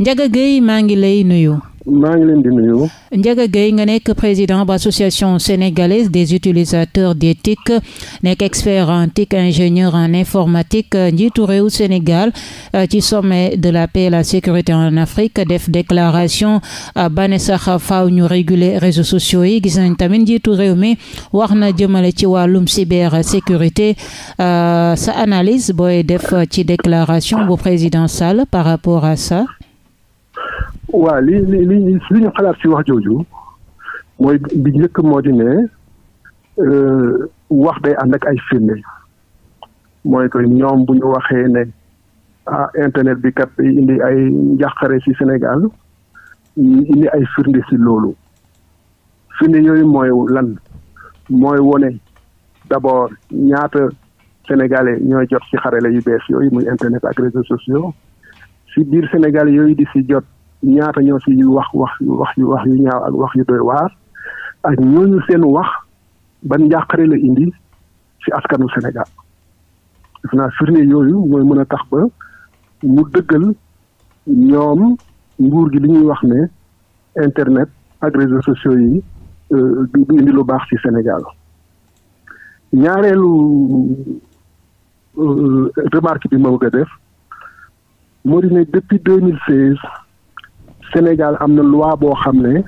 Ndiaga Gueye maa ngi lay nuyu. maa ngi nga nekk président bu association sénégalaise des utilisateurs des TIC nekk expert en ingénieur en informatique njiitu réew Sénégal euh, ci sommet de la paix et la sécurité en Afrique def déclaration euh, ba ne sax faaw ñu réguler réseaux sociaux yi gis nañ tamit njiitu réew mi wax na jëmale ci wàllum cybersécurité euh, sa analyse booy def ci déclaration bu président Sall par rapport à sa waaw li li li li ñu xalaat ci wax jooju mooy bi njëkk moo di ne euh, wax day ànd ak ay firnde mooy que ñoom buñu waxee ne a ah, internet bi kat indi ay njàqare ci Sénégal ñu indi ay firnde ci loolu firnde yooyu mooy lan mooy wone d'abord ñaata sénégalais ñooy jot ci xarale yu bees yooyu muy internet ak réseaux sociaux ci biir Sénégal yooyu di ci jot ñaata ñoo ci wax wax wax yu wax yu ñaaw ak wax yu doy waar ak ñooñu seen wax ban njàqare la indi ci askanu Sénégal def naa firnde yooyu mooy mën a tax ba mu dëggal ñoom nguur gi li ñuy wax ne internet ak réseaux sociaux yi euh, du indi lu baax ci Sénégal ñaareelu euh, remarque bi ma bëgg a def moo di ne depuis deux Sénégal am na loi boo xam ne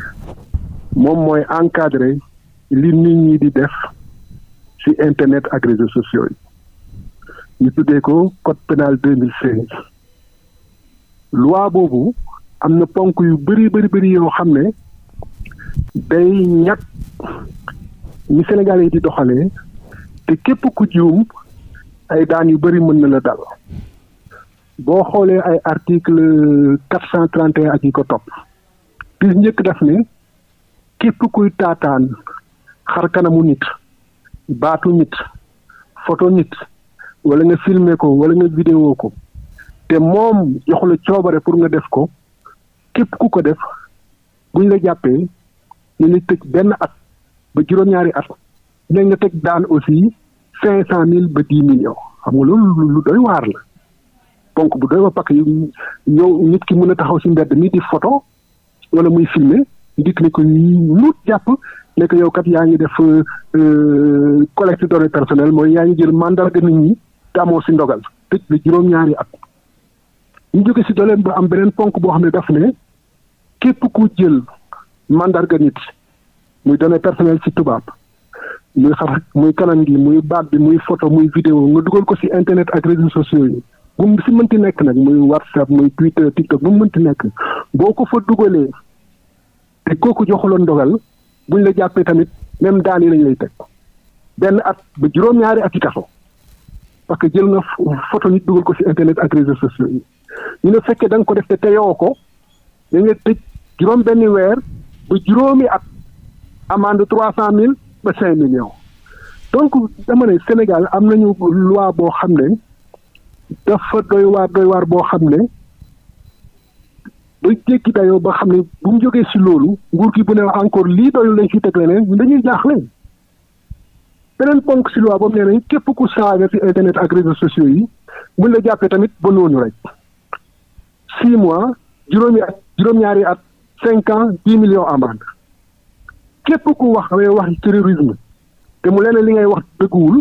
moom mooy encadré li nit ñi di def ci internet ak réseaux sociaux yi ñu tuddee ko code pénal 2016 loi boobu am na ponk yu bëri bari bëri yoo xam ne day ñàkk ñi sénégal yi di doxalee te képp ku juum ay daan yu bëri mën na la dal boo xoolee ay article quatre cent trente et un ak yi ko topp bi njëkk daf ne képp kuy taataan xar nit baatu nit photo nit wala nga filmer ko wala nga vidéo ko te moom jox coobare pour nga def ko képp ku ko def buñ la jàppee ñu ngi tëj benn at ba juróom-ñaari at dinañ nga teg daan aussi cinq cent mille ba dix millions xam nga loolu lu doy waar la. ponk bu doy wa pakk yi yow nit ki mën a taxaw si mbedd mi di photo wala muy filmer ndik ni ko luut jàpp nekk yow kat yaa ngi def euh, collecte données personnelles mooy yaa ngi jël mandarga nit ñi te amoo si ndogal tëj la juróom-ñaari ak ñu jóge si doleen ba am beneen ponk boo xam ne daf ne képp ko jël mandarga nit muy données personnelles ci tubaab muy xar muy kanam gi muy baat bi muy photo muy vidéo nga dugal ko si internet ak réseaux sociaux yi bu mu si mënti nekk nag muy whatsapp muy twitter tiktok bu mu mënti nekk boo ko fa dugalee te kooku joxuloon ndogal buñ la jàppee tamit même daan yi lañuy teg benn at ba juróom-ñaari at yi taxaw parce que jël na photo nit dugal ko ci internet ak réseaux sociaux yi ñu ne fekkee da nga ko def te teyoo ko dañ la tëj juróom benn weer ba juróomi at amende trois cent mille ba cinq millions donc dama ne Sénégal am nañu loi boo xam ne dafa doy waar doy waar boo xam ne doy jéggi dayoo ba xam ne bu mu jógee si loolu nguur gi bu ne encore lii doyul lañ si teg leneen ñun dañuy jaaxle beneen ponk si loi boobu nee nañ képp ku saaga si internet ak réseaux sociaux yi buñ la jàppee tamit ba noonu rek six mois juróomi at ñaari at cinq ans dix millions amende képp ku wax waxi terrorisme te mu leneen li ngay wax dëgguwul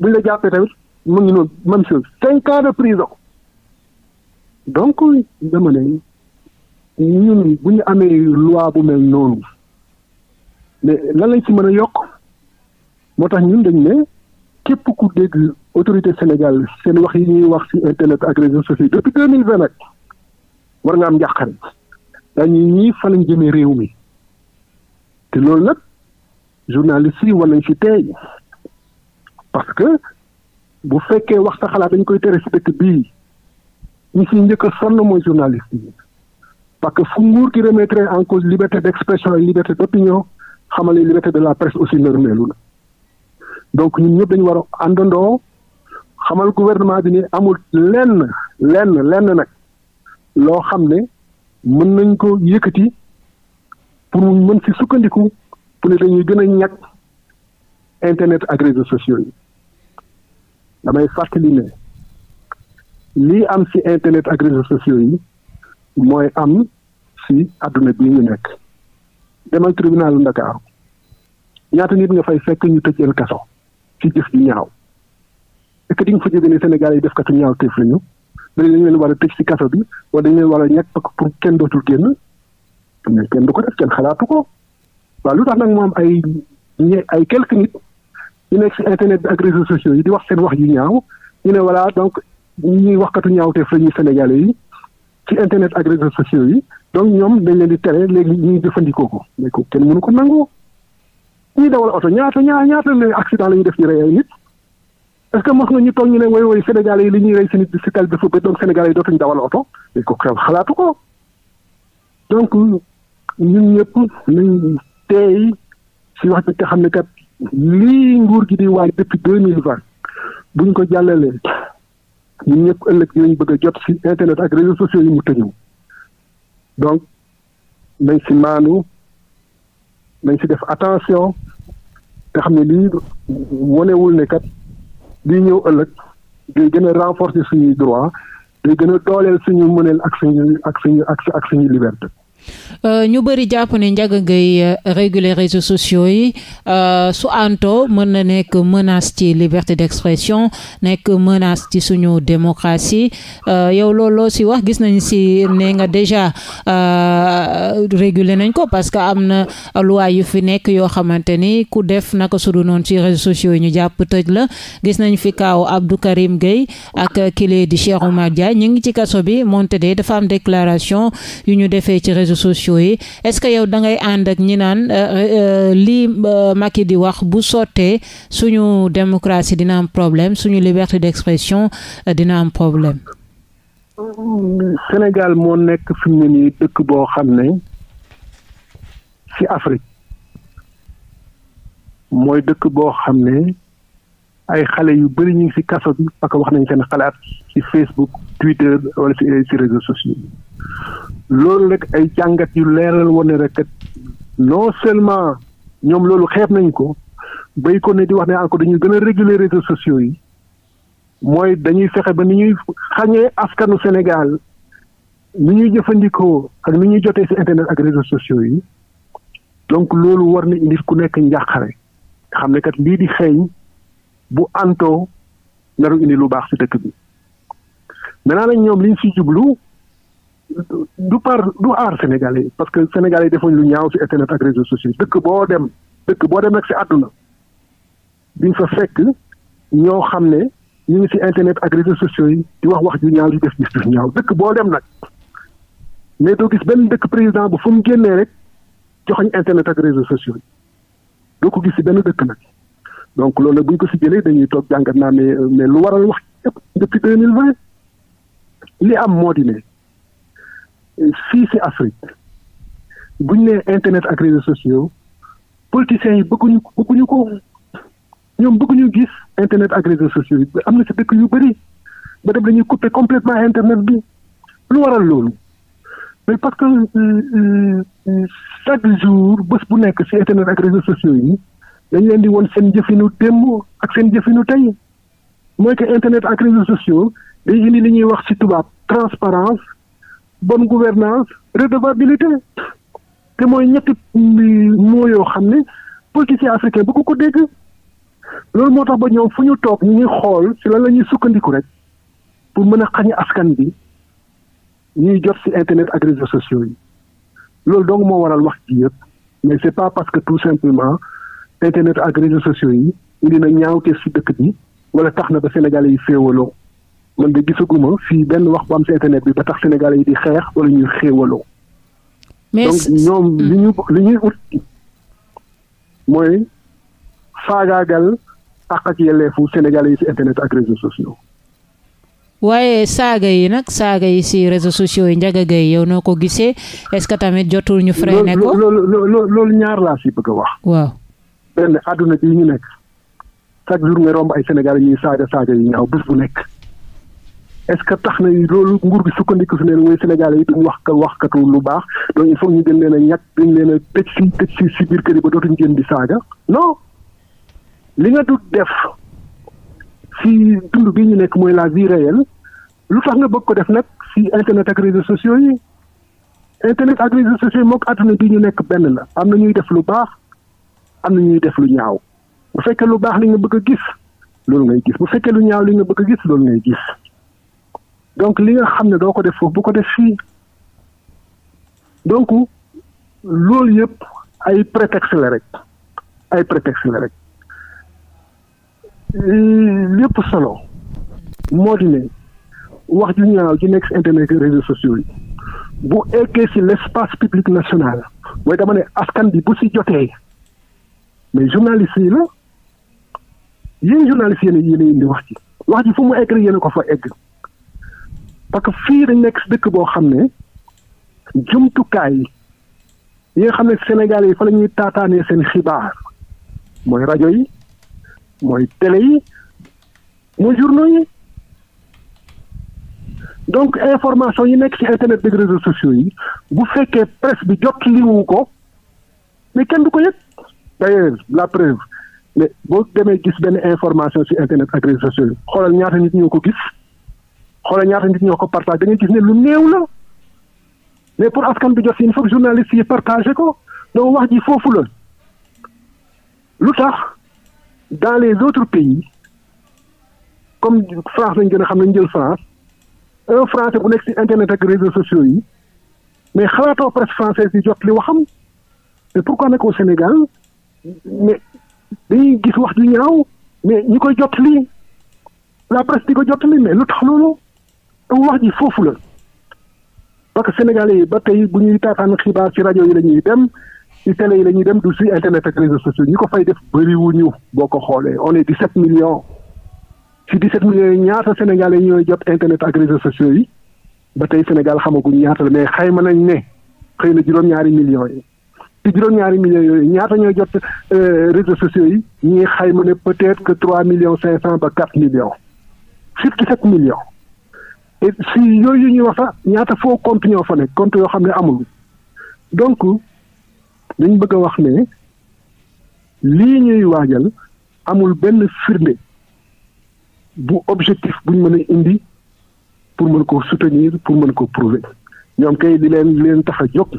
buñ la jàppee tamit mu ngi noonu même chose cinq ans de prison donc dama ne ñun bu ñu amee loi bu mel noonu mais lan lañ ci mën a yokk moo tax ñun dañ ne képp ku dégg autorité Sénégal seen wax yi ñuy wax ci internet ak réseaux sociaux depuis deux mille vingt nag war nga am njàqare dañuy ñii fa lañ jëmee réew mi te loolu nag journaliste yi war nañ ci teey parce que bu fekkee wax sa xalaat dañ koy tere si dëkk bii ñi si njëkk a sonn mooy journaliste yi parce que fu nguur ki remettre en cause liberté d'expression et liberté d'opinion xamal ni liberté de la presse aussi nërmeelu na donc ñun ñëpp dañu war àndandoo xamal gouvernement bi ni amul lenn lenn lenn nag loo xam ne mën nañ ko yëkkati pour mën si sukkandiku pour ne dañuy gën a ñàkk internet ak réseaux sociaux damay fàttali ne lii am ci internet ak réseaux sociaux yi mooy am ci àdduna bii ñu nekk demal tribunalu Ndakaaru ñaata nit nga fay fekk ñu tëj leen kaso ci jëf ji ñaaw est-ce que di fa jóge ne Sénégal yi def katu ñaaw téef lañu dañ leen war tëj ci kaso bi wala dañ leen war a ñàkk pour kenn dootul génn kenn du ko def kenn xalaatu ko waaw lu tax nag moom ay ay quelques nit ñu nekk si internet bi ak réseaux sociaux yi di wax seen wax yu ñaaw ñu ne voilà donc ñuy waxkatu ñaawteef la ñuy sénégalais yi ci internet ak réseaux sociaux yi donc ñoom dañ leen di tere léegi ñuy jëfandikoo ko mais ko kenn mënu ko nangu ñuy dawal oto ñaata ñaa ñaata la accident la ñuy def ñu rey ay nit est-ce que mos nga ñu toog ñu ne woy woy sénégalais yi li ñuy rey si nit si tal dafa bëri donc sénégalais yi dootuñu dawal oto ko donc ñu ñëpp nañ teey si wax bi te xam ne kat lii nguur gi di waaj depuis deux mille vingt bu ko jàllalee ñun ñëpp ëllëg dinañ bëgg a jot ci internet ak réseaux sociaux yi mu tëñu donc nañ ci maanu nañ ci def attention te xam ne lii wonewul ne kat ñëw ëllëg day gën a renforcer suñuy droit day gën a dooleel suñu mëneel ak suñu ak suñu ak ak suñu liberté Euh, ñu bëri jàpp ni Ndiaga Gueye euh, réguler réseaux sociaux yi euh, su anto mën na nekk menace ci liberté d'expression nekk menace ci suñu démocratie yow loolu loo si wax gis nañu si ne nga déjà réguler nañ ko parce que am na loi yu fi nekk yoo xamante ni ku def naka su noonu ci réseaux sociaux yi ñu jàpp tëj la gis nañu fi kaaw Abdou Karim Gueye ak kile di Cheikh Oumar Dia ñu ngi ci kaso bi moonte de dafa am déclaration yu ñu defee ci réseaux réseaux sociaux yi est-ce que yow da ngay ànd ak ñi naan euh, euh, euh, lii Macky di wax bu sottee suñu démocratie dina am problème suñu liberté d'expression dina am problème. Sénégal moo nekk fi mu ne dëkk boo xam ne ci Afrique mooy dëkk boo xam ne ay xale yu bëri ñu ngi ci kaso bi parce que wax nañ seen xalaat ci Facebook Twitter wala ci réseaux sociaux loolu rek ay jàngat yu leeral wane rek non seulement ñoom loolu xeeb nañ ko bay ko ne di wax ne encore dañuy gën a réguler réseaux sociaux yi mooy dañuy fexe ba ni ñuy xañee askanu Sénégal ni ñuy jëfandikoo ak ni ñuy jotee ci internet ak réseaux sociaux yi donc loolu war na indi ku nekk njàqare xam ne kat lii di xeeñ bu antoo naru indi lu baax ci dëkk bi maintenant nag ñoom liñ ci jublu du par du aar sénégalais parce que yi defuñ lu ñaaw ci internet ak réseaux sociaux dëkk boo dem dëkk boo dem rek ci àdduna bi fa fekk ñoo xam ne ñu ngi ci internet ak réseaux sociaux yi di wax wax ju ñaaw di def gis-gis ñaaw dëkk boo dem nag mais doo gis benn dëkk président bu fu mu génnee rek joxoñ internet ak réseaux sociaux yi doo ko gis ci benn dëkk nag donc loolu nag bu ko ci jëlee dañuy toog jàngat naa mais mais lu waral wax yëpp depuis deux mille vingt li am moo di ne fii si Afrique bu ñu nee internet ak réseaux sociaux politiciens yi bëgguñu bëgguñu ko ñoom bëgguñu gis internet ak réseaux sociaux yi am na si dëkk yu bëri ba dem dañuy couper complètement internet bi lu waral loolu mais parce que euh, euh, chaque jour bés bu nekk si internet ak réseaux sociaux yi dañ leen di woon seen jëfinu démb ak seen jëfinu tey mooy que internet ak réseaux sociaux day indi li ñuy wax si tubaab transparence bonne gouvernance redevabilité te mooy ñetti moo yoo xam ne politicien africain bëgg ko ko dégg loolu moo tax ba ñoom fu ñu toog ñu ngi xool ci lan la ñuy sukkandiku rek pour mën a xañ askan bi ñuy jot ci internet ak réseaux sociaux yi loolu donc moo waral wax ci yëpp mais c'est pas parce que tout simplement internet ak réseaux sociaux yi indi na ñaawte ci dëkk bi wala tax na ba sénégal yi féewaloo man de gisaguma fii benn wax bu am si internet bi ba tax sénégalais yi di xeex wala ñuy xéewaloo. mais donc ñoom hmm. li ñuy mooy faagaagal àq ak yelleefu sénégalais yi si internet ak réseaux sociaux. waaye saaga yi nag saaga yi si réseaux sociaux yi Ndiaga Gueye yow noo ko gisee est-ce que tamit jotul ñu freiné ko loolu ñaar laa si bëgg a wax. waaw benn àdduna bi ñu nekk chaque jour nga romb ay sénégalais ñuy saaga saaga yi ñaaw bés bu nekk. est ce que tax na loolu nguur gi sukkandiku su ne mooy sénégalais yi duñ wax ka waxkatu lu baax donc il faut ñu gën leen a ñàkk leen a si tëj si si biir kër yi ba dootuñ gën di saaga non li nga du def si dund bi ñu nekk mooy la vie réelle lu tax nga bëgg ko def nag si internet ak réseaux sociaux yi internet ak réseaux sociaux yi moo àdduna bi ñu nekk benn la am na ñuy def lu baax am na ñuy def lu ñaaw bu fekkee lu baax li nga bëgg a gis loolu ngay bu fekkee lu ñaaw li nga bëgg a gis donc li nga xam ne doo ko def foofu bu ko def fii donc loolu yëpp ay prétexte la rek ay prétexte la rek lépp solo moo di ne wax ju ñaaw ju nekk si internet réseaux sociaux yi bu eggee si l' espace public national mooy dama ne askan bi bu si jotee mais journaliste yi la yéen journaliste yéen a yéen a indi wax ci wax ji fu mu egg rek yéen ko fa egg. parce que fii dañ nekk si dëkk boo xam ne jumtukaay yi nga xam ne Sénégalais yi fa lañuy ñuy taataanee seen xibaar mooy rajo yi mooy télé yi mooy journaux yi donc information yi nekk ci internet de réseaux sociaux yi bu fekkee presse bi jot liwu ko mais kenn du ko yëg d'ailleurs la preuve mais boo demee gis benn information ci internet ak réseaux sociaux yi xoolal ñaata nit ñoo ko gis xoolal ñaata nit ñoo ko partagé da ngay gis ne lu néew la mais pour askan bi jot si il faut que journaliste yi partagé ko donc wax ji foofu la lu tax dans les autres pays comme France lañ gën a xam nañ jël France un français bu nekk si internet ak réseaux sociaux yi mais xalaatoo presse française yi jot li waxam mais pourquoi nekk au Sénégal mais dañuy gis wax ju ñaaw mais ñu koy jot li la presse di ko jot lii mais lu tax loolu donc wax ji foofu la parce que Sénégalais yi ba tey bu ñuy taataan xibaar ci rajo yi la ñuy dem ci télé yi la ñuy dem du si internet ak réseaux sociaux ñi ko fay def bëriwuñu boo ko xoolee on est 17 millions ci 17 millions yi ñaata Sénégalais ñooy jot internet ak réseaux sociaux yi ba tey Sénégal xamaguñ ñaata la mais xayma nañ ne xëy na juróom-ñaari millions yi ci juróom-ñaari million yooyu ñaata ñooy jot euh, réseaux sociaux yi ñuy xayma ne peut-être que 3 millions 500 ba 4 millions sur si yooyu ñuy wax sax ñaata foo compte ñoo fa nekk compte yoo xam ne amul donc dañ bëgg a wax ne lii ñuy waajal amul benn firnde bu objectif buñ mën indi pour mën ko soutenir pour mën ko prouver ñoom kay di leen leen tax a jóg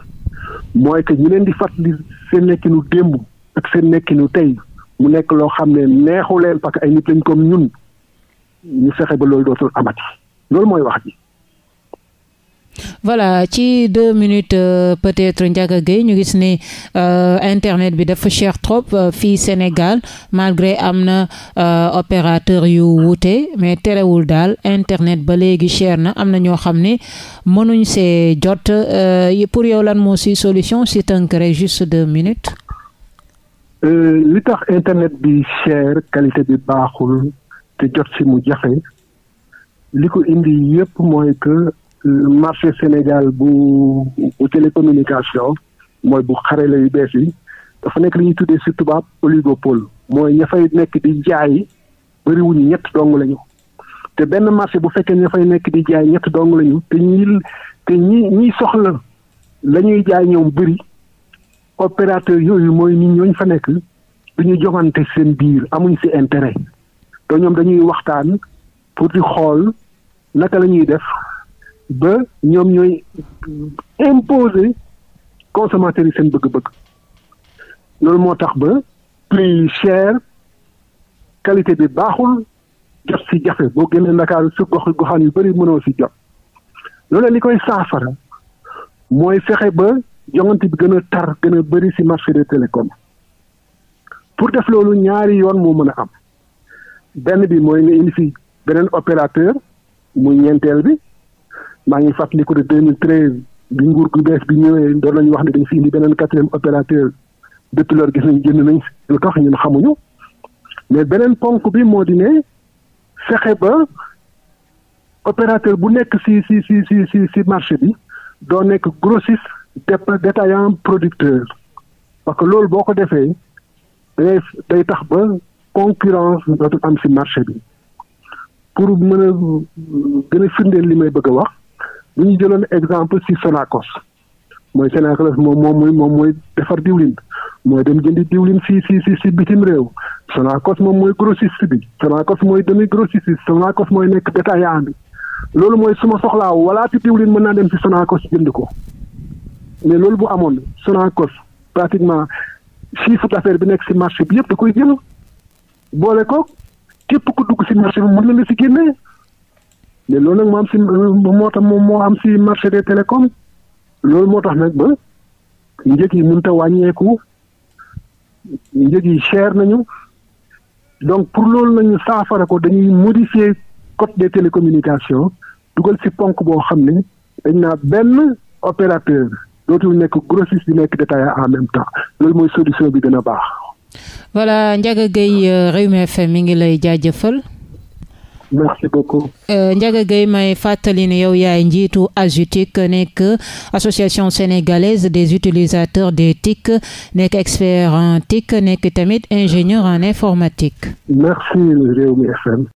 mooy que ñu leen di fàttali seen nekkinu démb ak seen nekkinu tey mu nekk loo xam ne neexu leen parce que ay nit lañ comme ñun ñu fexe ba loolu dootul amati. loolu mooy wax ji. voilà ci deux minutes euh, peut-être Ndiaga Gueye ñu gis ni euh, internet bi dafa cher trop euh, fii Sénégal malgré am na euh, opérateur yu wuute mais terewul daal internet ba léegi cher na am na ñoo xam ne mënuñ see jot euh, pour yow lan moo si solution si tënk rek juste deux minutes. Euh, li tax internet bi cher qualité bi baaxul te jot si mu jafe. li ko indi yëpp mooy que euh, marché Sénégal bu bu télécommunication mooy bu xarale yu bees yi dafa nekk li ñuy tuddee si tubaab oligopole mooy ña fay nekk di jaay bëriwuñu ñett dong lañu te benn marché bu fekkee ña fay nekk di jaay ñett dong lañu te ñi te ñi ñiy soxla la ñuy jaay ñoom bëri opérateur yooyu mooy nit ñooñ fa nekk du ñu seen biir amuñ si intérêt te ñoom dañuy waxtaan pour di xool. naka la ñuy def ba ñoom ñooy imposer consommateurs yi seen bëgg-bëgg loolu moo tax ba prix yi qualité bi baaxul jot ci jafe boo génnee Ndakaaru su gox goxaan yu bëri mënoo si jot loolu li koy saafara mooy fexe ba joŋante bi gën a tar gën a bari si marché des télécoms pour def loolu ñaari yoon moo mën a am benn bi mooy nga indi fi beneen opérateur muy ñeenteel bi maa ngi fàttaliku de 2013 bi nguur gu bees bi ñëwee doon nañu wax ne dañ fi indi beneen quatrième opérateur depuis loolu gis nañ génn nañ lu tax ñun xamuñu mais beneen ponk bi moo di ne fexe ba opérateur bu nekk ci ci ci ci ci marché bi doo nekk grossiste détaillant producteur parce que loolu boo ko defee day day tax ba concurrence dootul am ci marché bi pour mën a gën a firndeel li may bëgg a wax bu ñu jëloon exemple ci Sonacos mooy Sonacos moom moom mooy moom mooy defar diwlin mooy dem jëndi diwlin ci ci ci ci bitim réew Sonacos moom mooy grossiste bi Sonacos mooy demi grossiste bi Sonacos mooy nekk détaillant bi loolu mooy su ma soxlaa wala ci diwlin mën naa dem ci Sonacos jënd ko mais loolu bu amoon Sonacos pratiquement chiffre affaire bi nekk ci marché bi yëpp da koy jël boole ko képp ku dugg si marché bi mën na la si génne mais loolu nag moo am si moo tax moom moo am si marché de télécoms loolu moo tax nag ba njëg yi mënut a wàññeeku njëg yi chair nañu donc pour loolu nañu saafara ko dañuy modifier code de télécommunication dugal si ponk boo xam ne dañ naa benn opérateur dootul nekk grossiste bi nekk détaillant en même temps loolu mooy solution bi gën a baax. voilà Ndiaga Gueye euh, Rewmi FM mi ngi lay jaajëfal. merci beaucoup. Euh, Ndiaga Gueye may fàttali ne yow yaay njiitu AGETIC nekk association sénégalaise des utilisateurs des TIC nekk expert en nekk tamit ingénieur en informatique.